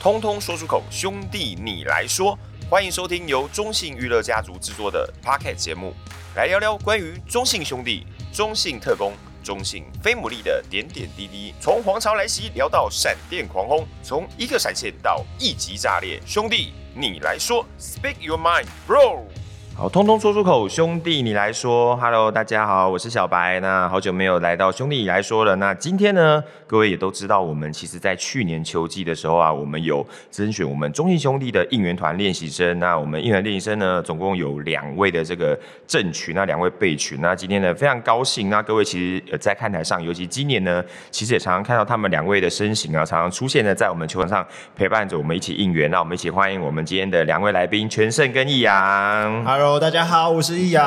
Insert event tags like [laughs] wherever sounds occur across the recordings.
通通說出口，兄弟你來說。歡迎收聽由中信娛樂家族製作的 Podcast 節目，來聊聊關於中信兄弟、中信特攻、中信飛牡蠣的點點滴滴。從皇朝來襲聊到閃電狂轟，從一個閃現到一級炸裂。兄弟你來說，Speak your mind, bro。好，通通說出口，兄弟你來說。Hello，大家好，我是小白。那好久沒有來到兄弟你來說了。那今天呢，各位也都知道，我們其實在去年秋季的時候啊，我們有甄選我們中信兄弟的應援團練習生。那我們應援練習生呢，總共有兩位的這個正取，那兩位備取。那今天呢，非常高興，那各位其實在看台上，尤其今年呢，其實也常常看到他們兩位的身形啊，常常出現呢在我們球場上陪伴着我們一起應援。那我們一起歡迎我們今天的兩位來賓，全勝跟一陽。Hello，大家好，我是一陽。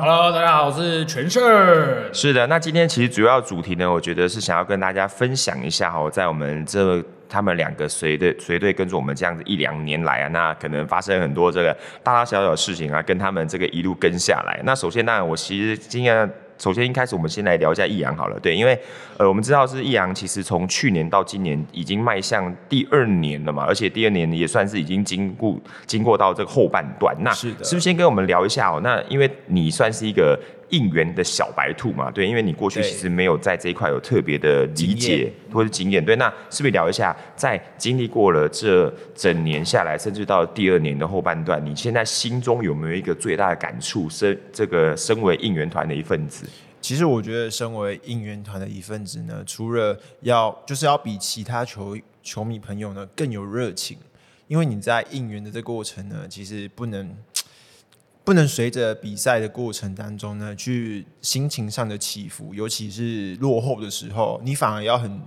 Hello，大家好，我是全勝。是的，那今天其實主要主題呢，我覺得是想要跟大家分享一下哦，在我們這他們兩個隨隊隨隊跟着我們這樣子一兩年來啊，那可能發生很多這個大大小小的事情啊，跟他們這個一路跟下來。那首先呢，我其實今天。首先，一開始我們先來聊一下一陽好了，對，因為，呃，我們知道是一陽，其實從去年到今年已經邁向第二年了嘛，而且第二年也算是已經經過經過到這個後半段，那，是的，是不是先跟我們聊一下喔？那因為你算是一個。應援的小白兔嘛，對，因為你過去其實沒有在這一塊有特別的理解或者經驗，對，那是不是聊一下，在經歷過了這整年下來，甚至到第二年的後半段，你現在心中有沒有一個最大的感觸？身這個身為應援團的一份子，其實我覺得身為應援團的一份子呢，除了要就是要比其他球球迷朋友呢更有熱情，因為你在應援的這過程呢，其實不能。不能隨着比賽的過程當中呢，去心情上的起伏，尤其是落後的時候，你反而要很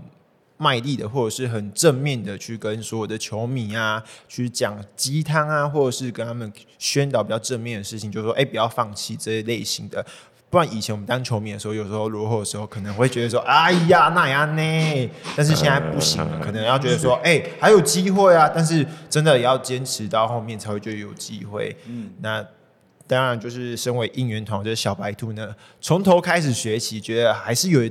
賣力的，或者是很正面的去跟所有的球迷啊，去講雞湯啊，或者是跟他們宣導比較正面的事情，就是說“哎，不要放棄”這些類型的。不然以前我們當球迷的時候，有時候落後的時候，可能會覺得說“哎呀，那樣呢”，但是現在不行，可能要覺得說“哎，還有機會啊”，但是真的要堅持到後面才會覺得有機會。嗯，那。當然，就是身為應援團，的、就是、小白兔呢，從頭開始學習，覺得還是有，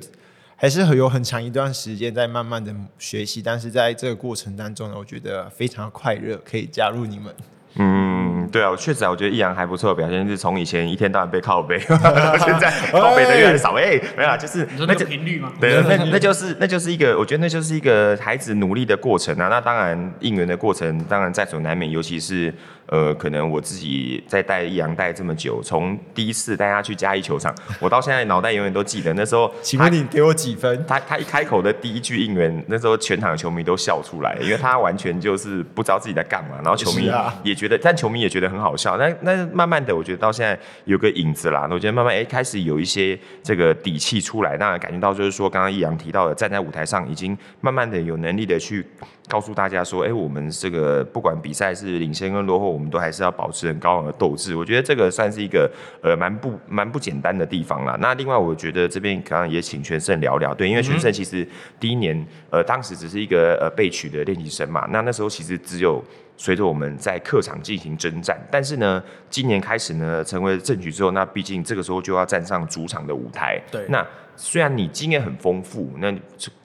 還是有很長一段時間在慢慢的學習。但是在這個過程當中呢，我覺得非常快樂，可以加入你們。嗯，對啊，我確實啊，我覺得一陽還不錯，表現是從以前一天到晚被靠北，到、啊、 [laughs] 現在靠北的越來越少。哎、欸欸，沒有啊，就是那個頻率嘛？那就對對對對對，那就是那就是一個，我覺得那就是一個孩子努力的過程啊。那當然應援的過程當然在所難免，尤其是。呃，可能我自己在帶一陽帶這麼久，從第一次帶他去嘉義球場，我到現在腦袋永遠都記得 [laughs] 那時候。請問你給我幾分？他他一開口的第一句應援，那時候全場球迷都笑出來，因為他完全就是不知道自己在幹嘛。然後球迷也覺得， [laughs] 但球迷也覺得很好笑。那那慢慢的，我覺得到現在有個影子啦，我覺得慢慢哎、欸、開始有一些這個底氣出來，那感覺到就是說，剛剛一陽提到的，站在舞台上已經慢慢的有能力的去。告訴大家說，哎、欸，我們這個不管比賽是領先跟落後，我們都還是要保持很高昂的鬥志。我覺得這個算是一個呃蠻不蠻不簡單的地方了。那另外，我覺得這邊可能也請全勝聊聊。對，因為全勝其實第一年呃當時只是一個呃備取的練習生嘛。那那時候其實只有隨着我們在客場進行征戰，但是呢，今年開始呢成為正取之後，那畢竟這個時候就要站上主場的舞台。對，那。雖然你經驗很豐富，那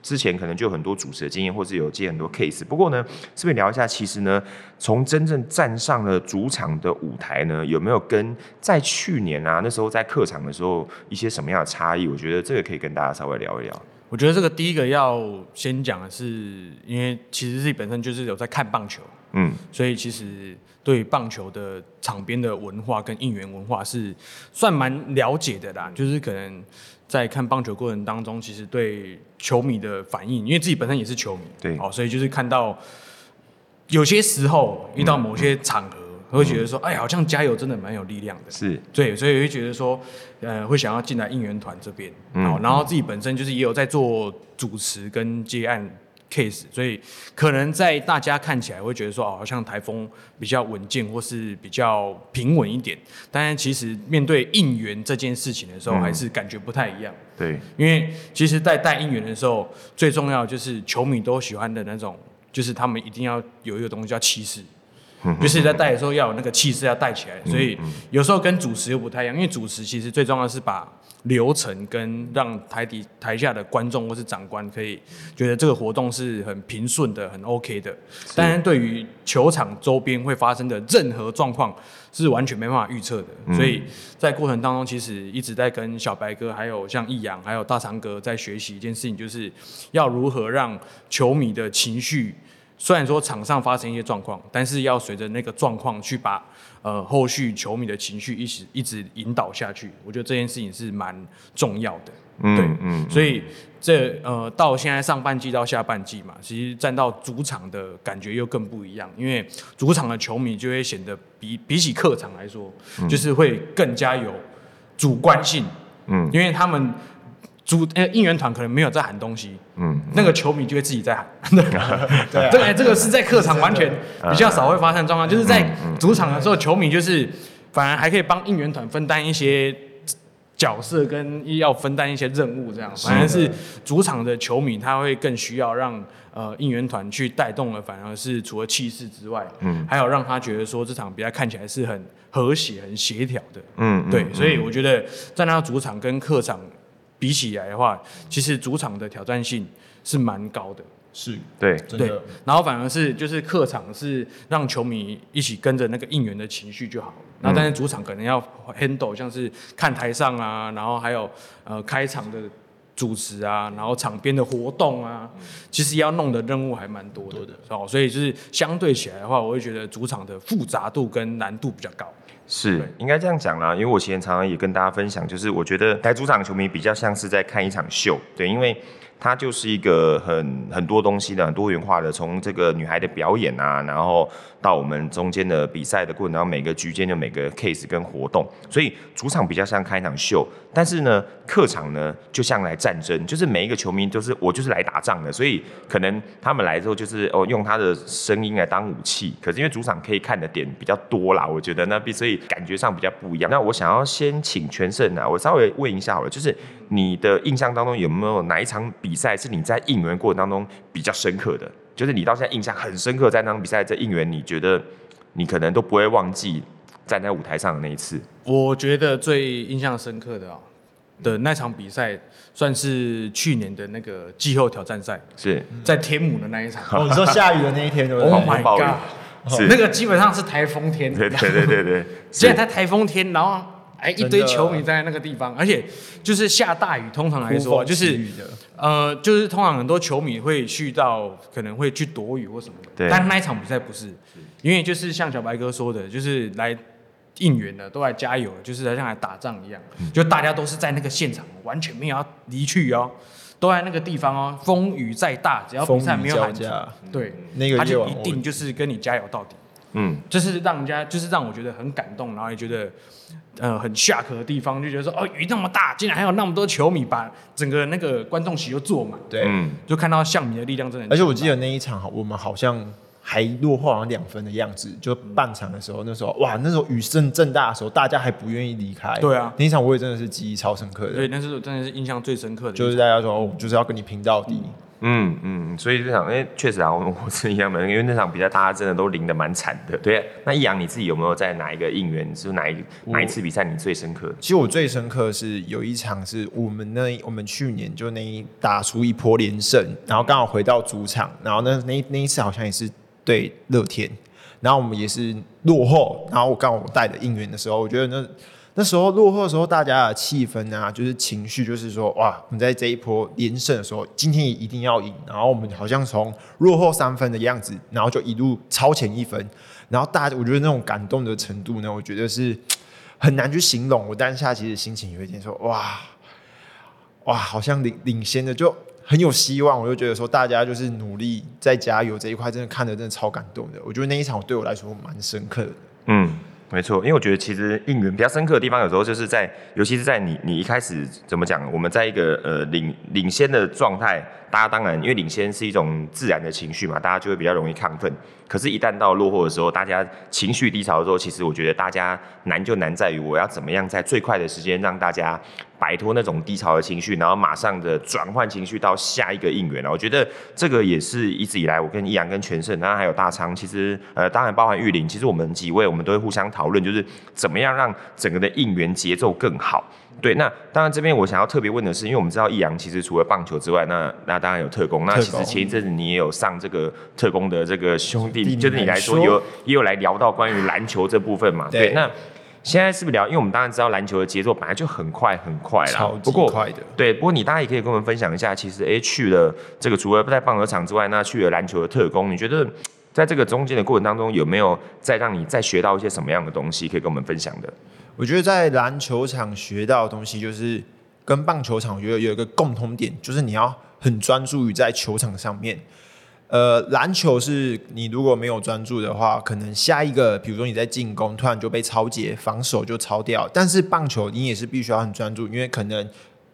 之前可能就有很多主持的經驗，或是有接很多 case。不過呢，是不是聊一下，其實呢，從真正站上了主場的舞台呢，有沒有跟在去年啊那時候在客場的時候一些什麼樣的差異？我覺得這個可以跟大家稍微聊一聊。我覺得這個第一個要先講的是，因為其實自己本身就是有在看棒球，嗯，所以其實對棒球的場邊的文化跟應援文化是算蠻了解的啦。就是可能在看棒球過程當中，其實對球迷的反應，因為自己本身也是球迷，對，哦，所以就是看到有些時候遇到某些場合。嗯嗯會覺得說、嗯，哎，好像加油真的蠻有力量的。是，對，所以會覺得說，呃，會想要進來應援團這邊、嗯，然後自己本身就是也有在做主持跟接案 case，所以可能在大家看起來會覺得說，哦，好像颱風比較穩健或是比較平穩一點。但是，其實面對應援這件事情的時候，還是感覺不太一樣。對、嗯，因為其實，在帶應援的時候，最重要就是球迷都喜歡的那種，就是他們一定要有一個東西叫氣勢。就是在帶的時候要有那個氣勢，要帶起來。所以有時候跟主持又不太一樣，因為主持其實最重要的是把流程跟讓台底台下的觀眾或是長官可以覺得這個活動是很平順的、很 OK 的。是。但是對於球場周邊會發生的任何狀況是完全沒辦法預測的。所以在過程當中，其實一直在跟小白哥、還有像一陽、還有大長哥在學習一件事情，就是要如何讓球迷的情緒。雖然說場上發生一些狀況，但是要隨着那個狀況去把呃後續球迷的情緒一直一直引導下去，我覺得這件事情是蠻重要的。嗯對，嗯，所以這呃到現在上半季到下半季嘛，其實站到主場的感覺又更不一樣，因為主場的球迷就會顯得比比起客場來說，就是會更加有主觀性。嗯，因為他們。主哎、呃，應援團可能沒有在喊東西，嗯，嗯，那個球迷就會自己在喊。嗯、呵呵對，對，這個是在客場完全比較少會發生狀況，就是在主場的時候，嗯嗯、球迷就是反而還可以幫應援團分擔一些角色，跟要分擔一些任務這樣。反而是主場的球迷，他會更需要讓呃應援團去帶動了。反而是除了氣勢之外，嗯，還有讓他覺得說這場比賽看起來是很和諧、很協調的。嗯，對嗯，所以我覺得在那個主場跟客場。比起來的話，其實主場的挑戰性是蠻高的，是對，對真的。然後反而是就是客場是讓球迷一起跟着那個應援的情緒就好、嗯。那但是主場可能要 handle 像是看台上啊，然後還有呃開場的主持啊，然後場邊的活動啊，其實要弄的任務還蠻多的，對對對，所以就是相對起來的話，我會覺得主場的複雜度跟難度比較高。是，應該這樣講啦、啊，因為我前常常也跟大家分享，就是我覺得台主場球迷比較像是在看一場秀，對，因為它就是一個很很多東西的，很多元化的，從這個女孩的表演啊，然後。到我們中間的比賽的過程當中，每個局間就每個 case 跟活動，所以主場比較像開場秀，但是呢，客場呢就像來戰爭，就是每一個球迷都是我就是來打仗的，所以可能他們來之後就是哦，用他的聲音來當武器，可是因為主場可以看的點比較多啦，我覺得那比，所以感覺上比較不一樣。那我想要先請全勝啊，我稍微問一下好了，就是你的印象當中有沒有哪一場比賽是你在應援過程當中比較深刻的？就是你到現在印象很深刻，在那場比賽這應援，你覺得你可能都不會忘記站在舞台上的那一次。我覺得最印象深刻的啊、喔、的那場比賽，算是去年的那個季後挑戰賽，是在天母的那一場。哦，你說下雨的那一天是是，哦、 [laughs] oh、，My God，,、oh、my God, God. 是那個基本上是台風天，對對對對現在在台風天，然後。哎、欸，一堆球迷在那個地方，而且就是下大雨，通常來說就是，呃，就是通常很多球迷會去到，可能會去躲雨或什麼的。對。但那一場比賽不是，是，因為就是像小白哥說的，就是來應援的，都來加油，就是像來打仗一樣，就大家都是在那個現場，完全沒有要離去哦，都在那個地方哦，風雨再大，只要比賽沒有喊停、嗯，對，那個、他就一定就是跟你加油到底。嗯，就是讓人家，就是讓我覺得很感動，然後也覺得，嗯、呃、很 shock 的地方，就覺得說，哦，雨那麼大，竟然還有那麼多球迷把整個那個觀眾席又坐滿，對、嗯，就看到象迷的力量真的。而且我記得那一場，我們好像還落後了兩分的樣子，就半場的時候，那時候，哇，那時候雨正正大的時候，大家還不願意離開。對啊，那一場我也真的是記憶超深刻的。對，那時候真的是印象最深刻的，就是大家說，哦，就是要跟你拼到底。嗯嗯嗯，所以這場，哎，確實啊，我我是一樣的，因為那場比賽大，大家真的都淋得蠻慘的，對。那一陽你自己有沒有在哪一個應援？是哪一哪一次比賽你最深刻？嗯，其實我最深刻是有一場是我們那我們去年就那一打出一波連勝，然後剛好回到主場，然後那那那一次好像也是對樂天，然後我們也是落後，然後我剛好帶着應援的時候，我覺得那。那時候落後的時候，大家的氣氛啊，就是情緒，就是說，哇，我們在這一波連勝的時候，今天也一定要贏。然後我們好像從落後三分的樣子，然後就一路超前一分，然後大家，我覺得那種感動的程度呢，我覺得是很難去形容。我當下其實心情有一點說，哇，哇，好像領領先的就很有希望。我就覺得說，大家就是努力在加油這一塊，真的看得真的超感動的。我覺得那一場對我來說蠻深刻的。嗯。沒錯，因為我覺得其實應援比較深刻的地方，有時候就是在，尤其是在你你一開始怎麼講，我們在一個呃領領先的狀態，大家當然因為領先是一種自然的情緒嘛，大家就會比較容易亢奮。可是，一旦到落後的時候，大家情緒低潮的時候，其實我覺得大家難就難在於我要怎麼樣在最快的時間讓大家。擺脫那種低潮的情緒，然後馬上的轉換情緒到下一個應援了。我覺得這個也是一直以來我跟一陽、跟全勝，那還有大昌，其實呃，當然包含玉林，其實我們幾位我們都會互相討論，就是怎麼樣讓整個的應援節奏更好。對，那當然這邊我想要特別問的是，因為我們知道一陽其實除了棒球之外，那那當然有特攻，那其實前一陣子你也有上這個特攻的這個兄弟，就是你來說有說也有來聊到關於籃球這部分嘛？對，對那。現在是不是聊？因為我們當然知道籃球的節奏本來就很快很快啦。超級快的。不過。對，不過你大家也可以跟我們分享一下，其實哎、欸、去了這個，除了不在棒球場之外，那去了籃球的特工，你覺得在這個中間的過程當中，有沒有再讓你再學到一些什麼樣的東西，可以跟我們分享的？我覺得在籃球場學到的東西，就是跟棒球場有有一個共通點，就是你要很專注於在球場上面。呃，籃球是你如果沒有專注的話，可能下一個，比如說你在進攻，突然就被抄截，防守就抄掉。但是棒球你也是必須要很專注，因為可能，誒、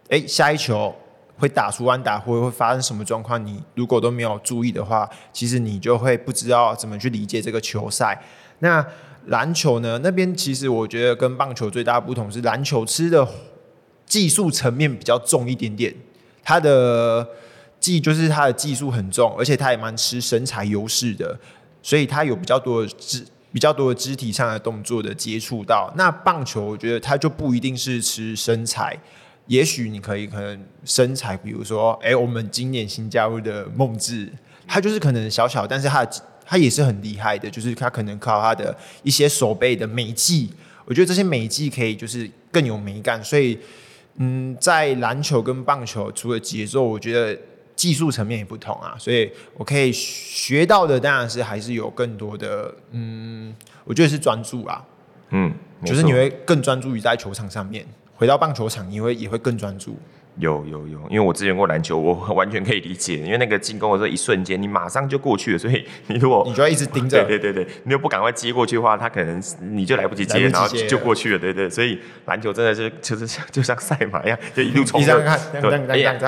欸，下一球會打出彎打輪，或者會發生什麼狀況，你如果都沒有注意的話，其實你就會不知道怎麼去理解這個球賽。那籃球呢？那邊其實我覺得跟棒球最大不同是籃球吃的技術層面比較重一點點，它的。技就是他的技術很重，而且他也蠻吃身材優勢的，所以他有比較多的肢比較多的肢體上的動作的接觸到。那棒球我覺得他就不一定是吃身材，也許你可以可能身材，比如說，哎、欸，我們今年新加入的夢志，他就是可能小小，但是他他也是很厲害的，就是他可能靠他的一些手背的美技，我覺得這些美技可以就是更有美感。所以，嗯，在籃球跟棒球除了節奏，我覺得。技術層面也不同啊，所以我可以學到的當然是還是有更多的，嗯，我覺得是專注啊，嗯，就是你會更專注於在球場上面，回到棒球場你會也會更專注。有有有，因為我應援過籃球，我完全可以理解。因為那個進攻的時候，一瞬間你馬上就過去了，所以你如果你就要一直盯着，對對對對，你又不趕快接過去的話，他可能你就來不及接，及接然後就過去了，啊、對，對對。所以籃球真的是就是像就像賽馬一樣，就一路衝上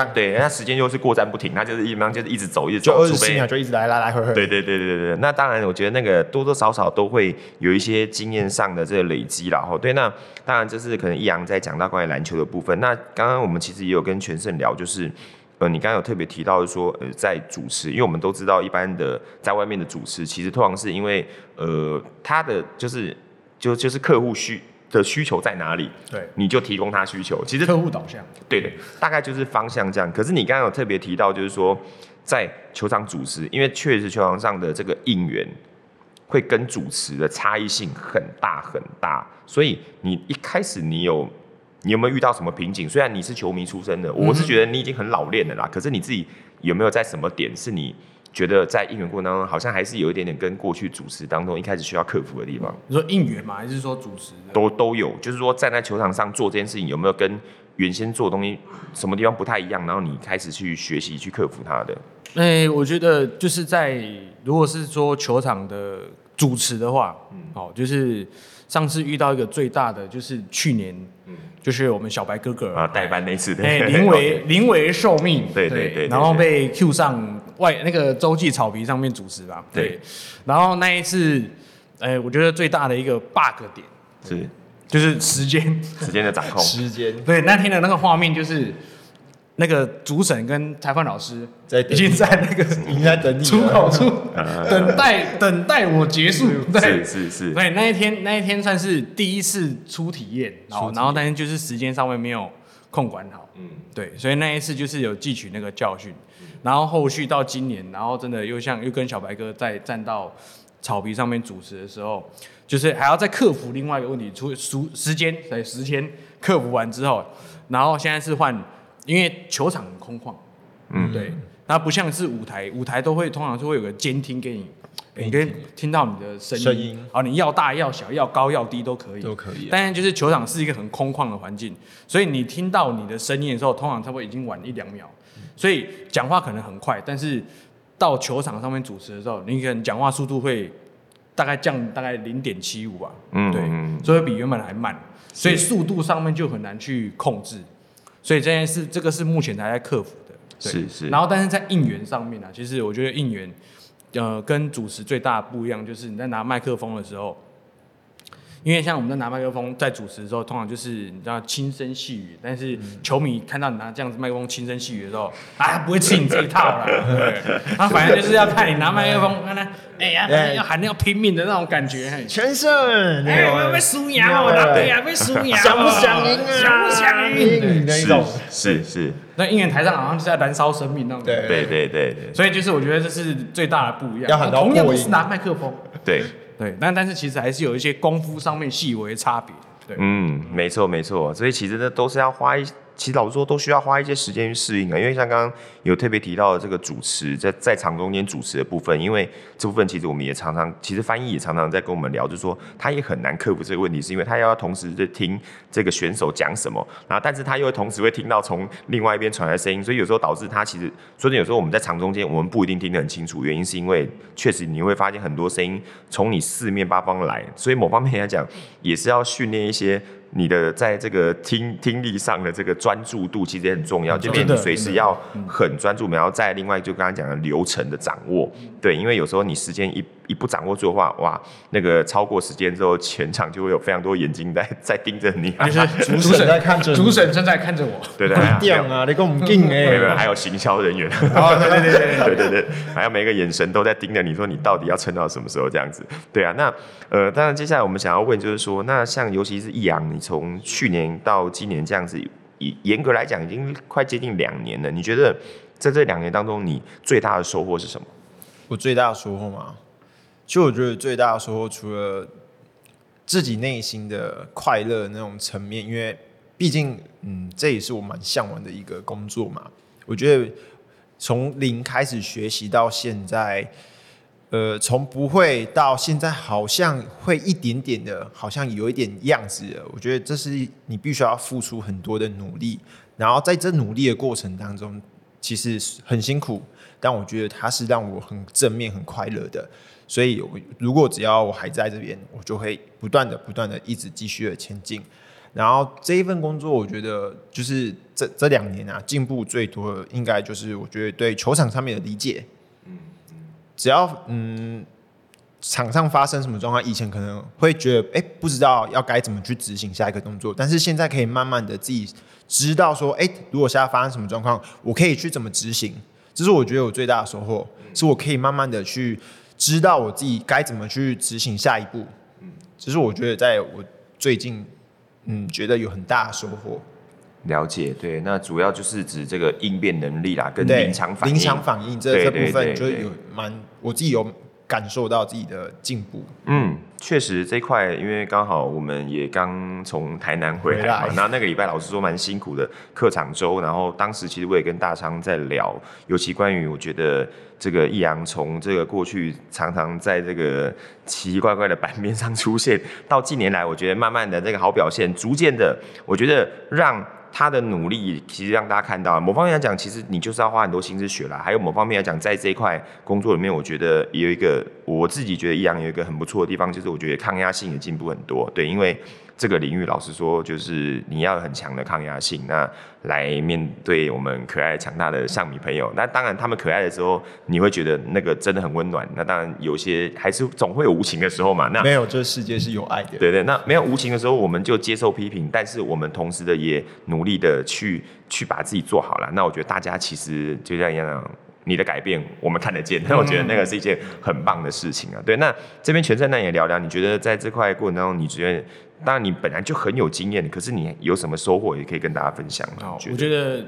對對那時間又是過站不停，那就是一陽就是一直走，一直走就二十、啊、就一直來來來回回。對對對對對對。那當然，我覺得那個多多少少都會有一些經驗上的這個累積，然、嗯、後對那當然就是可能一陽在講到關於籃球的部分。那剛剛我們其實也有。有跟全勝聊，就是，呃，你剛剛有特別提到說，呃，在主持，因為我們都知道，一般的在外面的主持，其實通常是因為，呃，他的就是就就是客戶需的需求在哪裡，對，你就提供他需求，其實客戶導向，對的，大概就是方向這樣。可是你剛剛有特別提到，就是說，在球場主持，因為確實球場上的這個應援會跟主持的差異性很大很大，所以你一開始你有，你有沒有遇到什麼瓶頸？雖然你是球迷出身的，我是覺得你已經很老練的啦，嗯。可是你自己有沒有在什麼點是你覺得在應援過程當中，好像還是有一點點跟過去主持當中一開始需要克服的地方？你說應援嘛，還是說主持？都都有，就是說站在球場上做這件事情，有沒有跟原先做的東西什麼地方不太一樣？然後你開始去學習去克服它的？哎，欸，我覺得就是在如果是說球場的。主持的話，好，嗯哦，就是上次遇到一個最大的，就是去年，嗯、就是我們小白哥哥啊、呃、代班那次的，臨、欸、危臨危受命，對對對，對，對，然後被 Q 上外那個洲際草皮上面主持吧。對，對，然後那一次，哎、呃，我覺得最大的一個 bug 點是，就是時間，時間的掌控， [laughs] 時間，對，那天的那個畫面就是。那個主審跟裁判老師在已經在那個應該等你出口處等待等待我結束。對是是,是對。那一天那一天算是第一次初體驗，然後然後但是就是時間上面沒有控管好。嗯，對，所以那一次就是有汲取那個教訓，然後後續到今年，然後真的又像又跟小白哥在站到草皮上面主持的時候，就是還要再克服另外一個問題，出時間在時間哎時間克服完之後，然後現在是換。因為球場很空曠，嗯，嗯，對，那不像是舞台，舞台都會通常是會有個監聽給你，欸、你可以聽到你的聲音，聲音，啊，你要大要小要高要低都可以，都可以、啊。但是就是球場是一個很空曠的環境，所以你聽到你的聲音的時候，通常差不多已經晚一兩秒，所以講話可能很快，但是到球場上面主持的時候，你可能講話速度會大概降大概零點七五吧，嗯，嗯，對，所以比原本還慢，所以速度上面就很難去控制。所以這件事，這個是目前還在克服的。對，是是。然後，但是在應援上面啊，其實我覺得應援，呃，跟主持最大的不一樣，就是你在拿麥克風的時候。因為像我們在拿麥克風在主持的時候，通常就是你知道輕聲細語，但是球迷看到你拿這樣子麥克風輕聲細語的時候，嗯、啊，不會吃你這一套了。他 [laughs] 反正就是要看你拿麥克風，看 [laughs] 呢、欸，哎、欸、呀，要喊要拼命的那種感覺。欸、全勝，哎，有沒有被輸贏？對呀，被輸贏，想不想贏、啊？想不想贏、啊想想嗯？是是是，那應援台上好像就在燃燒生命那種。對對對對，對，所以就是我覺得這是最大的不一樣。要喊同樣也是拿麥克風。對。對，但但是其實還是有一些功夫上面細微的差別。對，嗯，沒錯沒錯，所以其實這都是要花一...其實老實說，都需要花一些時間去適應啊。因為像剛剛有特別提到的這個主持，在在場中間主持的部分，因為這部分其實我們也常常，其實翻譯也常常在跟我們聊就是說，就說他也很難克服這個問題，是因為他要同時在聽這個選手講什麼，然後，但是他又同時會聽到從另外一邊傳來的聲音，所以有時候導致他其實，所以有時候我們在場中間，我們不一定聽得很清楚，原因是因為確實你會發現很多聲音從你四面八方來，所以某方面來講，也是要訓練一些。.你的在這個聽聽力上的這個專注度其實也很，很重要，就變成，隨時要很專注。對對對，然後再另外就剛剛講的流程的掌握。嗯，對，因為有時候你時間一。一不掌握住的話，哇，那個超過時間之後，全場就會有非常多眼睛在在盯着你。就、啊、是 [laughs] 主審在看着，主審正在看着我。對對，對啊，有 [laughs] 不 [laughs] 沒沒，還有行銷人員、 [laughs] 哦。對對對 [laughs] 對，對，對 [laughs] 還有每個眼神都在盯着你，說你到底要撐到什麼時候這樣子。對啊，那呃，當然接下來我們想要問就是說，那像尤其是一陽，你從去年到今年這樣子，嚴格來講已經快接近兩年了。你覺得在這兩年當中，你最大的收穫是什麼？我最大的收穫嗎？其實我覺得最大的收穫，除了自己內心的快樂的那種層面，因為畢竟，嗯，這也是我蠻向往的一個工作嘛。我覺得從零開始學習到現在，呃，從不會到現在，好像會一點點的，好像有一點樣子。我覺得這是你必須要付出很多的努力，然後在這努力的過程當中，其實很辛苦，但我覺得它是讓我很正面、很快樂的。所以，如果只要我還在這邊，我就會不斷的、不斷的、一直繼續的前進。然後這一份工作，我覺得就是這這兩年啊，進步最多，應該就是我覺得對球場上面的理解。嗯，只要嗯，場上發生什麼狀況，以前可能會覺得哎、欸，不知道要該怎麼去執行下一個動作，但是現在可以慢慢的自己知道說，哎、欸，如果現在發生什麼狀況，我可以去怎麼執行。這是我覺得我最大的收穫，是我可以慢慢的去。知道我自己該怎麼去執行下一步，嗯，其實我覺得在我最近，嗯，覺得有很大的收穫。了解，對，那主要就是指這個應變能力啦，跟臨場反應，臨場反應這對對對對對，這部分就有蠻，我自己有。感受到自己的進步，嗯，確實這塊，因為剛好我們也剛從台南回來，那那個禮拜老師說蠻辛苦的客場周，然後當時其實我也跟大昌在聊，尤其關於我覺得這個一陽從這個過去常常在這個奇奇怪怪的版面上出現，到近年來我覺得慢慢的這個好表現，逐漸的我覺得讓。他的努力其實讓大家看到，某方面來講，其實你就是要花很多心思學了。還有某方面來講，在這一塊工作裡面，我覺得也有一個我自己覺得一陽，有一個很不錯的地方，就是我覺得抗壓性也進步很多。對，因為。這個領域，老實說，就是你要很強的抗壓性，那來面對我們可愛強大的鄉民朋友。那當然，他們可愛的時候，你會覺得那個真的很溫暖。那當然，有些還是總會有無情的時候嘛。那沒有，這世界是有愛的。對對，那沒有無情的時候，我們就接受批評，但是我們同時的也努力的去去把自己做好了。那我覺得大家其實就像一陽，你的改變我們看得見。那 [laughs] 我覺得那個是一件很棒的事情啊。對，那這邊全勝那也聊聊，你覺得在這塊過程當中，你覺得？當然，你本來就很有經驗，可是你有什麼收穫，也可以跟大家分享我、oh, 覺得，我覺得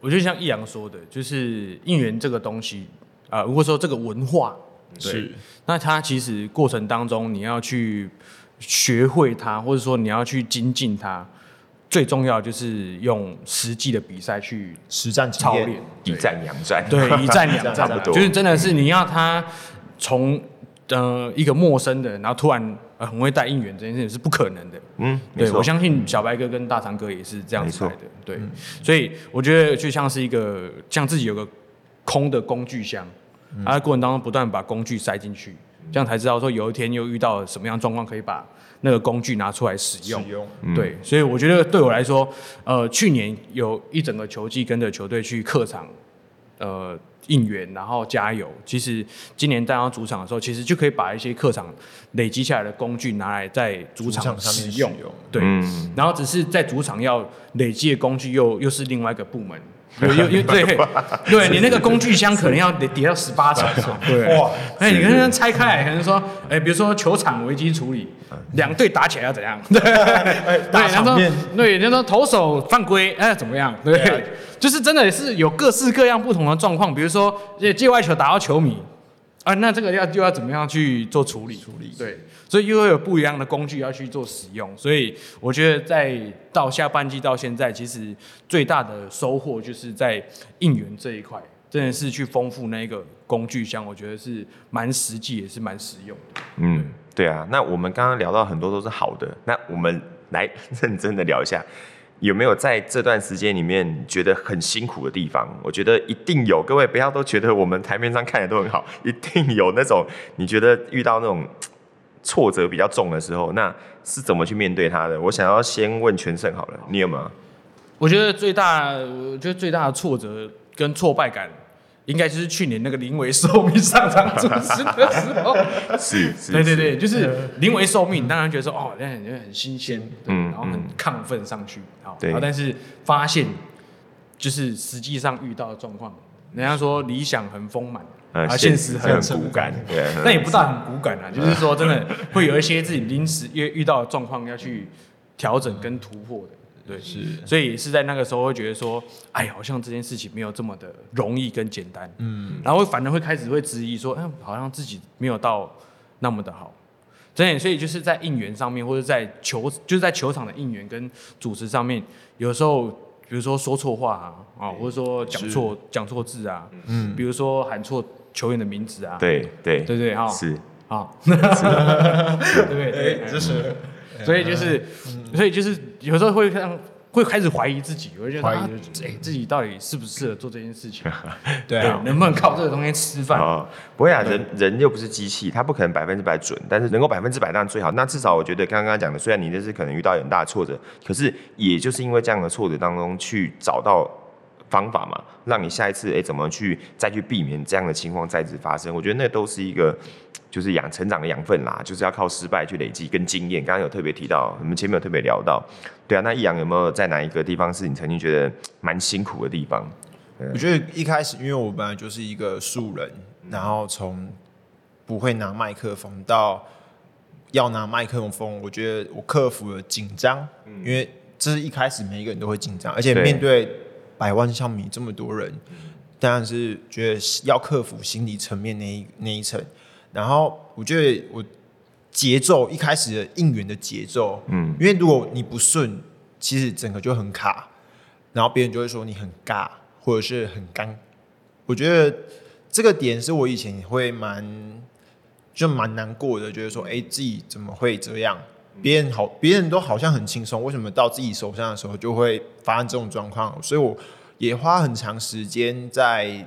我就像一陽說的，就是應援這個東西啊，如、呃、果說這個文化，是那他其實過程當中你要去學會它，或者說你要去精進它，最重要就是用實際的比賽去實戰操練，一戰兩戰對，對，一戰兩戰, [laughs] 戰，兩戰差不多，就是真的是你要他從呃一個陌生的，然後突然。呃，很會帶應援這件事是不可能的。嗯，對，我相信小白哥跟大長哥也是這樣子來的。對、嗯，所以我覺得就像是一個，像自己有個空的工具箱，而過程當中不斷把工具塞進去、嗯，這樣才知道說有一天又遇到什麼樣狀況，可以把那個工具拿出來使用。使用，對、嗯。所以我覺得對我來說，呃，去年有一整個球季跟着球隊去客場，呃。應援，然後加油。其實今年帶到主場的時候，其實就可以把一些客場累積下來的工具拿來在主場上面使用。用對、嗯，然後只是在主場要累積的工具又，又又是另外一個部門。 [music] 有有有對，對，對你那個工具箱可能要疊到十八層，是 [laughs] 吧？對。哇，哎、欸，你剛剛拆開來，可能說、欸，比如說球場危機處理，兩、嗯、隊打起來要怎樣？嗯、對，、嗯對欸，大場面，對對，人家說，說投手犯規，哎、欸，怎麼樣？對、欸，就是真的也是有各式各樣不同的狀況，比如說，這界外球打到球迷。啊，那這個要又要怎麼樣去做處理？處理對，所以又有不一樣的工具要去做使用。所以我覺得在到下半季到現在，其實最大的收穫就是在應援這一塊，真的是去豐富那一個工具箱。我覺得是蠻實際，也是蠻實用。嗯，對啊。那我們剛剛聊到很多都是好的，那我們來認真的聊一下。有沒有在這段時間裡面覺得很辛苦的地方？我覺得一定有。各位不要都覺得我們台面上看的都很好，一定有那種你覺得遇到那種挫折比較重的時候，那是怎麼去面對他的？我想要先問全勝好了，你有沒有？我覺得最大，我覺得最大的挫折跟挫敗感，應該就是去年那個臨危受命上場主持的時候，是，對對對，就是臨危受命，當然覺得說哦，那很很新鮮，嗯，然後很亢奮上去，好，但是發現就是實際上遇到的狀況，人家說理想很豐滿，現實很骨感，對，那也不算很骨感啊，就是說真的會有一些自己臨時遇遇到的狀況要去調整跟突破的。對，是對，所以是在那個時候會覺得說，哎，好像這件事情沒有這麼的容易跟簡單，嗯，然後反而會開始會質疑說，嗯，好像自己沒有到那麼的好，真的。所以就是在應援上面，或者在球，就是在球場的應援跟主持上面，有時候比如說說錯話啊，啊，或者說講錯講錯字啊，嗯，比如說喊錯球員的名字啊，對對，對對對，哦、啊，是啊，對對，這、欸、是、欸，所以就是。嗯。所以就是有時候會會開始懷疑自己，我覺得懷疑自己到底適不適合做這件事情？ [laughs] 對啊，能不能靠這個東西吃飯啊、 [laughs] 哦？不會啊，人人又不是機器，他不可能百分之百準，但是能夠百分之百當然最好。那至少我覺得剛剛講的，雖然你這是可能遇到很大的挫折，可是也就是因為這樣的挫折當中去找到。方法嘛，讓你下一次哎、欸，怎麼去再去避免這樣的情況再次發生？我覺得那都是一個，就是養成長的養分啦，就是要靠失敗去累積跟經驗。剛剛有特別提到，我們前面有特別聊到，對啊，那一陽有沒有在哪一個地方是你曾經覺得蠻辛苦的地方？我覺得一開始，因為我本來就是一個素人，然後從不會拿麥克風到要拿麥克風，我覺得我克服了緊張、嗯，因為這是一開始每一個人都會緊張，而且面對。百萬像你這麼多人，當然是覺得要克服心理層面那一那一層。然後我覺得我節奏一開始的應援的節奏，嗯，因為如果你不順，其實整個就很卡，然後別人就會說你很尬，或者是很乾。我覺得這個點是我以前會蠻就蠻難過的，覺得說，欸，自己怎麼會這樣。別人好，別人都好像很輕鬆，為什麼到自己手上的時候就會發生這種狀況？所以我也花很長時間在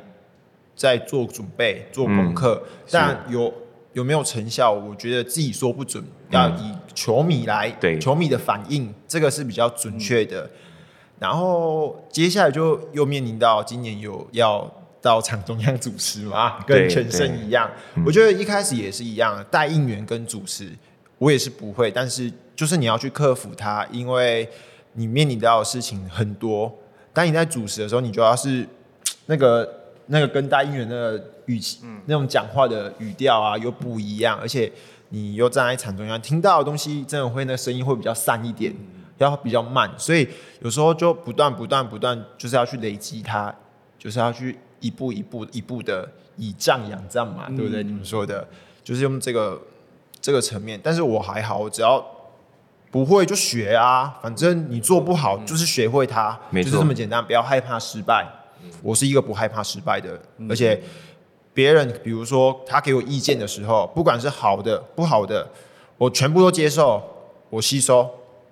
在做準備、做功課、嗯，但有有，有沒有成效，我覺得自己說不準。要以球迷來，嗯、球迷的反應這個是比較準確的、嗯。然後接下來就又面臨到今年有要到場中央主持嘛，跟全勝一樣、嗯，我覺得一開始也是一樣的，帶應援跟主持。我也是不會，但是就是你要去克服它，因為你面臨到的事情很多。當你在主持的時候，你就要是那個那個跟大演員的語氣、嗯、那種講話的語調啊，又不一樣，而且你又站在場中央，聽到的東西真的會那聲音會比較散一點、嗯，要比較慢，所以有時候就不斷、不斷、不斷，就是要去累積它，就是要去一步一步、一步的以戰養戰嘛、嗯，對不對？你們說的，就是用這個。這個層面，但是我還好，我只要不會就學啊，反正你做不好就是學會它，嗯、沒錯，就是這麼簡單，不要害怕失敗。我是一個不害怕失敗的人，而且別人比如說他給我意見的時候，不管是好的不好的，我全部都接受，我吸收，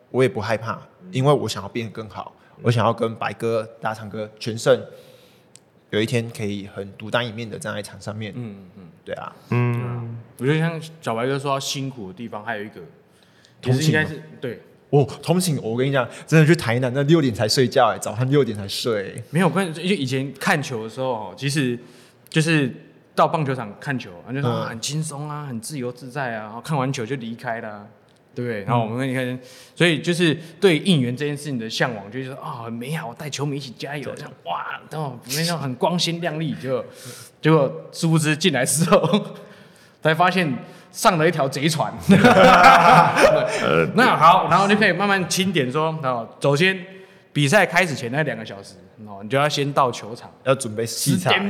我也不害怕，因為我想要變得更好，我想要跟白哥大唱歌全勝，有一天可以很獨當一面的站在場上面，嗯嗯，對啊，嗯啊，我覺得像小白哥說辛苦的地方，還有一個其實應該是同情嗎？對，哦，同情，我跟你講，真的去台南，那六點才睡覺，哎，早上六點才睡，沒有關係，就以前看球的時候，其實就是到棒球場看球，啊，就是很輕鬆啊，很自由自在啊，然後看完球就離開了啊。對，然後我們你看，嗯，所以就是對應援這件事情的嚮往，就是說啊，很美好，帶球迷一起加油，這樣哇，然後那種很光鮮亮麗，就結果殊不知進來之後呵呵，才發現上了一條賊船啊啊啊啊呵呵。呃，那，呃，好，然後你可以慢慢清點說，哦，首先比賽開始前那兩個小時，哦，你就要先到球場，要準備器材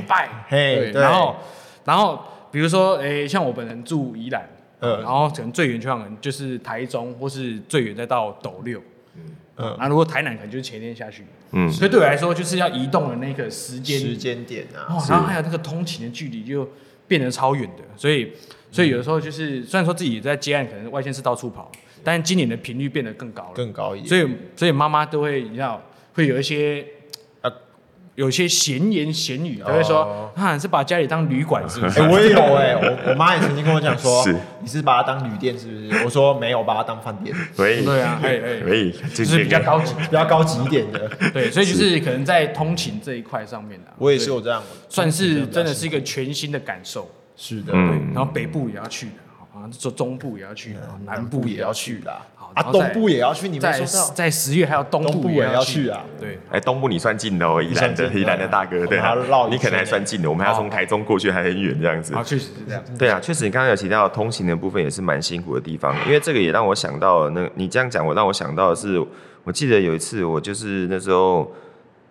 嘿，然後然後比如說，哎，欸、像我本人住宜蘭。嗯、然後可能最遠就可能就是台中，或是最遠再到斗六。嗯那、嗯、如果台南可能就是前天下去。嗯，所以對我來說就是要移動的那個時間時間點啊、哦，然後還有那個通勤的距離就變得超遠的，所以所以有的時候就是雖然說自己也在接案可能外縣市到處跑，嗯、但今年的頻率變得更高了，更高一點，所以所以媽媽都會你知道會有一些。有些閒言閒語啊，他會說，哈、哦啊，是把家裡當旅館是不是？哎、欸，我也有哎、欸，我我媽也曾經跟我講說是，你是把它當旅店是不是？我說沒有，我把它當飯店。可以，對啊，可以、欸、欸，就是比較高級，比較高級一點的。 [laughs] 對，所以就是可能在通勤這一塊上面啊，我也是有這樣，這樣，算是真的是一個全新的感受。是的，嗯、對。然後北部也要去。中中部也要去，南部也要去啦，啊好啊，東部也要去。你們在，在十月還有東部也要去啊，對，哎，東部你算近的哦、喔，宜蘭的，宜蘭的大哥，啊、對、啊，你，你可能還算近的，我們還要從台中過去還很遠這樣子。啊，確實是這樣。對啊，確實，你剛剛有提到通行的部分也是蠻辛苦的地方的，因為這個也讓我想到了，那你這樣講，我讓我想到的是，我記得有一次我就是那時候。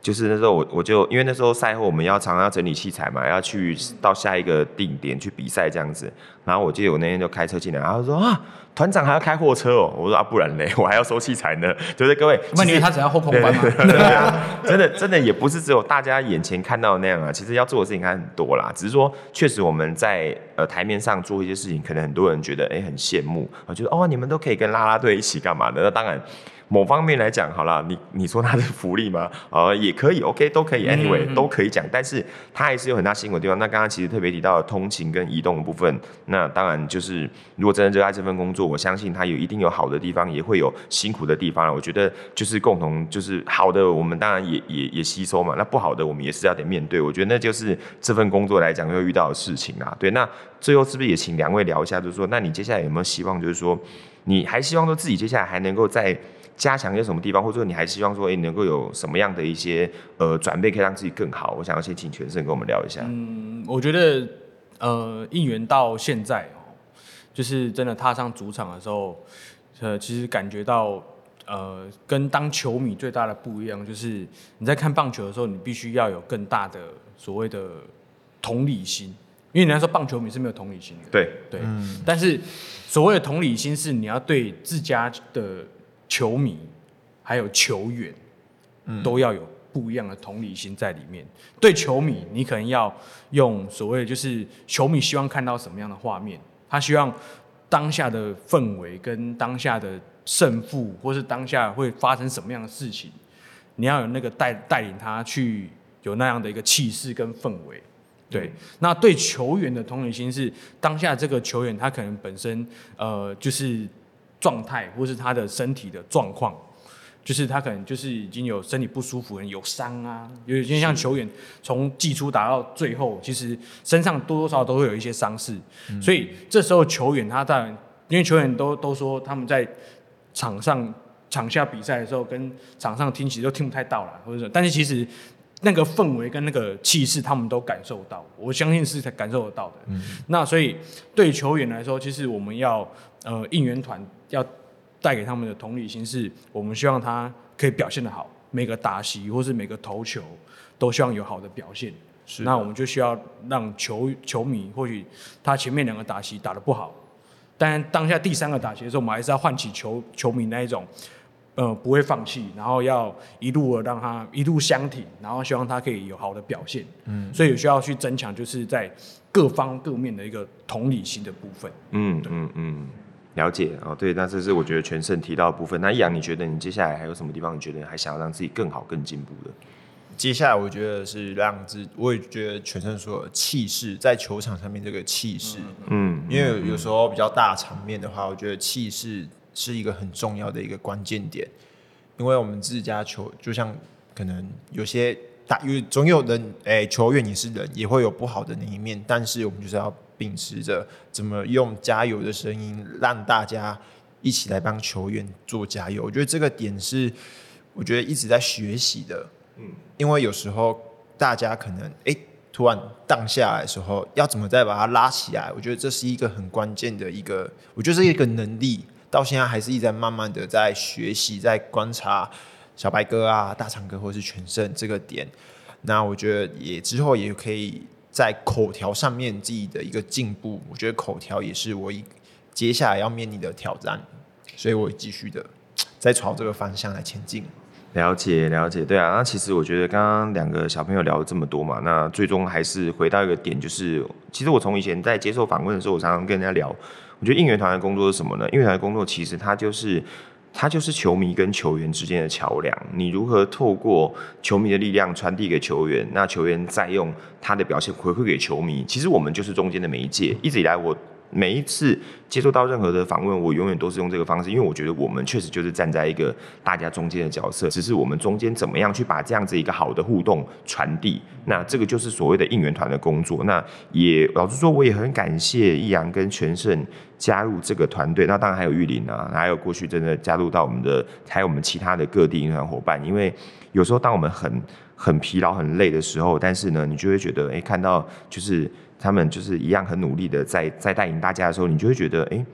就是那時候我我就因為那時候賽後我們要常常要整理器材嘛，要去到下一個定點去比賽這樣子。然後我記得我那天就開車進來，然後說啊，團長還要開貨車哦。我說啊，不然嘞，我還要收器材呢。就是各位，那因為他只要後空翻嗎。對對對對對，真的真的也不是只有大家眼前看到的那樣啊，其實要做的事情還很多啦。只是說，確實我們在呃台面上做一些事情，可能很多人覺得哎、欸、很羨慕，我覺得哦你們都可以跟拉拉隊一起幹嘛的？那當然。某方面來講，好了，你你說它的福利嗎？呃，也可以，OK，都可以，Anyway，都可以講。但是它還是有很大辛苦的地方。那剛剛其實特別提到通勤跟移動的部分，那當然就是如果真的熱愛這份工作，我相信它有一定有好的地方，也會有辛苦的地方。我覺得就是共同就是好的，我們當然也也也吸收嘛。那不好的，我們也是要得面對。我覺得那就是這份工作來講會遇到的事情啊。對，那最後是不是也請兩位聊一下，就是說，那你接下來有沒有希望，就是說，你還希望說自己接下來還能夠在加強一些什麼地方，或者說你還希望說，哎、欸，你能夠有什麼樣的一些呃轉變，準備可以讓自己更好？我想要先請全勝跟我們聊一下。嗯，我覺得呃，應援到現在哦、喔，就是真的踏上主場的時候，呃，其實感覺到呃，跟當球迷最大的不一樣，就是你在看棒球的時候，你必須要有更大的所謂的同理心，因為你來說棒球迷是沒有同理心的。對對、嗯，但是所謂的同理心是你要對自家的。球迷還有球員，嗯，都要有不一樣的同理心在裡面。嗯、對球迷，你可能要用所謂就是球迷希望看到什麼樣的畫面，他希望當下的氛圍跟當下的勝負，或是當下會發生什麼樣的事情，你要有那個帶帶領他去有那樣的一個氣勢跟氛圍。對、嗯，那對球員的同理心是當下這個球員他可能本身呃就是。狀態，或是他的身體的狀況，就是他可能就是已經有身體不舒服，有傷啊，有些像球員從季初打到最後，其實身上多多少少都會有一些傷勢，所以這時候球員他當然，因為球員都都說他們在場上場下比賽的時候，跟場上聽起都聽不太到了，或者，但是其實那個氛圍跟那個氣勢，他們都感受到，我相信是才感受得到的。嗯，那所以對球員來說，其實我們要。呃，應援團要帶給他們的同理心是，我們希望他可以表現得好，每個打席或是每個投球都希望有好的表現。是，那我們就需要讓球球迷，或許他前面兩個打席打得不好，但當下第三個打席的時候，我們還是要喚起球球迷那一種，呃，不會放棄，然後要一路的讓他一路相挺，然後希望他可以有好的表現。嗯，所以需要去增強，就是在各方各面的一個同理心的部分。嗯，嗯，嗯。了解哦，對，但這是我覺得全勝提到的部分。那一陽，你覺得你接下來還有什麼地方，你覺得你還想要讓自己更好、更進步的？接下來我覺得是讓自，我也覺得全勝說氣勢在球場上面這個氣勢，嗯，因為有時候比較大場面的話，嗯嗯、我覺得氣勢是一個很重要的一個關鍵點。因為我們自家球，就像可能有些打，因為總有人，哎、欸，球員也是人，也會有不好的那一面，但是我們就是要。秉持着怎麼用加油的聲音讓大家一起來幫球員做加油，我覺得這個點是我覺得一直在學習的。嗯，因為有時候大家可能、欸、突然盪下來的時候，要怎麼再把它拉起來？我覺得這是一個很關鍵的一個，我覺得這個一個能力、嗯，到現在還是一直在慢慢的在學習，在觀察小白哥啊、大腸哥或是全勝這個點。那我覺得也之後也可以，在口條上面自己的一個進步，我覺得口條也是我接下來要面臨的挑戰，所以我繼續的在朝這個方向來前進。了解，了解，對啊。那、啊、其實我覺得剛剛兩個小朋友聊了這麼多嘛，那最終還是回到一個點，就是其實我從以前在接受訪問的時候，我常常跟人家聊，我覺得應援團的工作是什麼呢？應援團的工作其實它就是。他就是球迷跟球員之間的橋樑。你如何透過球迷的力量傳遞給球員，那球員再用他的表現回饋給球迷。其實我們就是中間的媒介。一直以來，我。每一次接受到任何的訪問，我永遠都是用這個方式，因為我覺得我們確實就是站在一個大家中間的角色，只是我們中間怎麼樣去把這樣子一個好的互動傳遞，那這個就是所謂的應援團的工作。那也老實說，我也很感謝一陽跟全勝加入這個團隊，那當然還有玉林啊，還有過去真的加入到我們的，還有我們其他的各地應援團夥伴。因為有時候當我們很很疲勞、很累的時候，但是呢，你就會覺得，哎、欸，看到就是。他們就是一樣很努力的在在帶領大家的時候，你就會覺得，哎，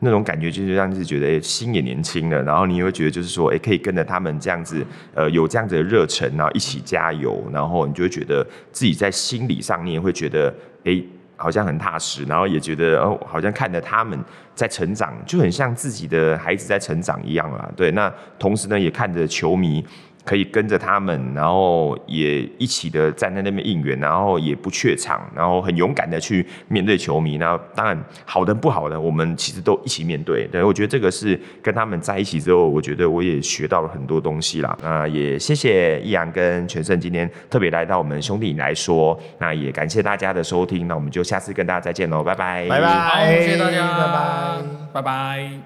那種感覺就是讓自己覺得，哎，心也年輕了。然後你也會覺得，就是說，哎，可以跟着他們這樣子，呃，有這樣子的熱忱，然後一起加油。然後你就會覺得自己在心理上，你也會覺得，哎，好像很踏實。然後也覺得，哦，好像看着他們在成長，就很像自己的孩子在成長一樣啊。對，那同時呢，也看着球迷。可以跟着他們，然後也一起的站在那邊應援，然後也不怯場，然後很勇敢的去面對球迷。然後當然好的不好的，我們其實都一起面對。對，我覺得這個是跟他們在一起之後，我覺得我也學到了很多東西啦。那、呃、也謝謝一陽跟全勝今天特別來到我們兄弟來說，那也感謝大家的收聽。那我們就下次跟大家再見嘍，拜拜，拜拜，謝謝大家，拜拜，拜拜。Bye bye